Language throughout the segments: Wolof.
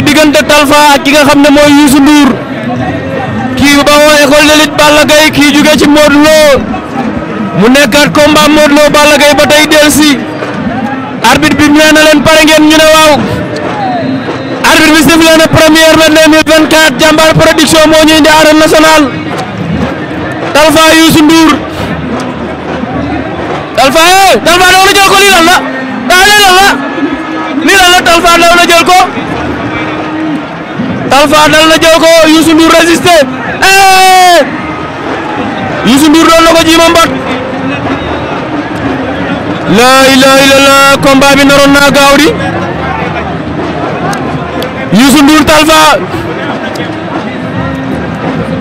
diggante Talfa ak ki nga xam ne mooy Youssou Ndour kii ba woo école de lutte Balla kii jóge ci Modou mu nekkaat combat Modou Lo Balla ba tey delsi arbitre bi nee na leen pare ngeen ñu ne waaw arbitre bi sifflé premier mai 2024 Jambar Production moo ñu indi arène nationale Talfa Youssou Ndour Talfa eh, Talfa daw na jël ko lii la daa la lii la Talfa na jël ko Talfa dal na jël ko Ndour eh Ndour doon na ko jiima mbot la ilaha illallah combat bi Youssou Ndour Talfa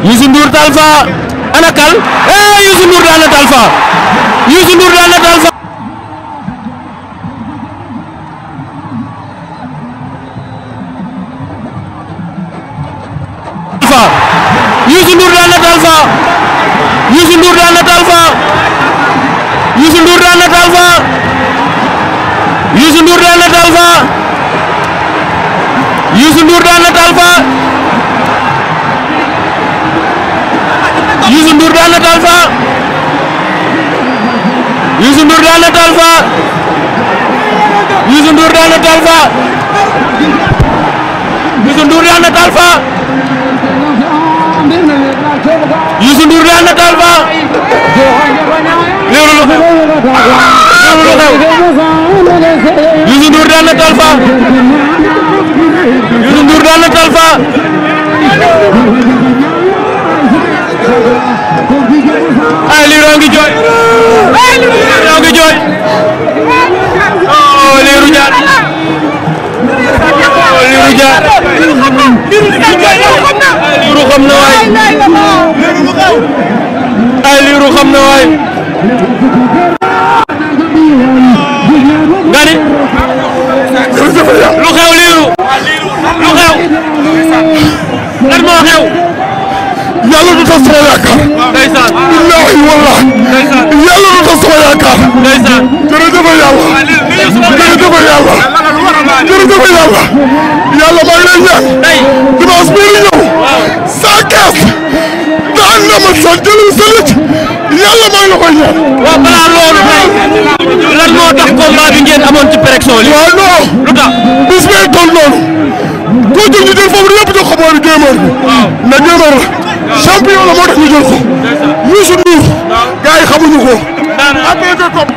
Youssou Ndour Talfa ana kal eh Youssou Ndour daan na Talfa Youssou Ndour daan na Talfa. Youssou Ndour daan na Talfa Youssou Ndour daan na Talfa Youssou Ndour daan na Talfa Youssou Ndour daan na Talfa. Youssou Ndour daan na Talfa Youssou Ndour daan na Talfa Youssou Ndour Youssou Ndour daan na Talfa ay Lirou ngi jooy Lirou ngi jooy oh Lirou Diane oh Lirou Diane Lirou xam na waay ay Lirou xam na waay bi ngeen amoon ci pression li waaw non lu tax bis bi toll noonu koo jël ñu jël foofu lépp jox ko booy Guémeur bi na Guémeur la champion la moo tax ñu jël ko Youssou Ndour gars yi xamuñu ko ak ko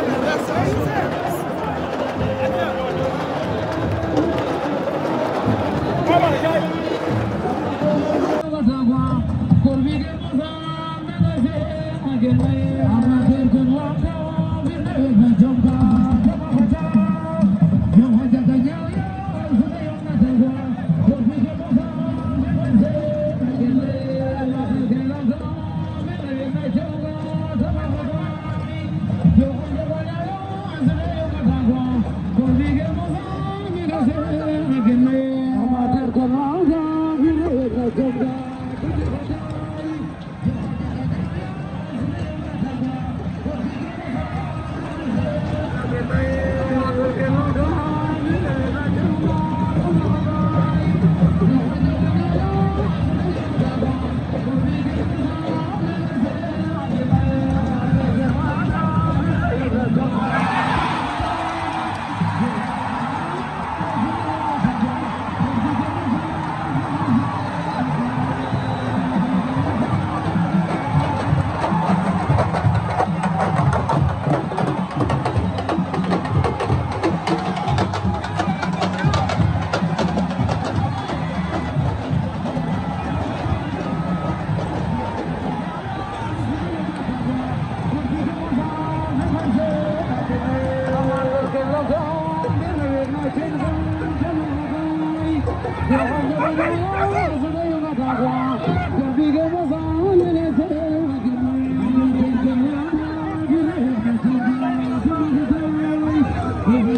Obrigado. you. Mm-hmm.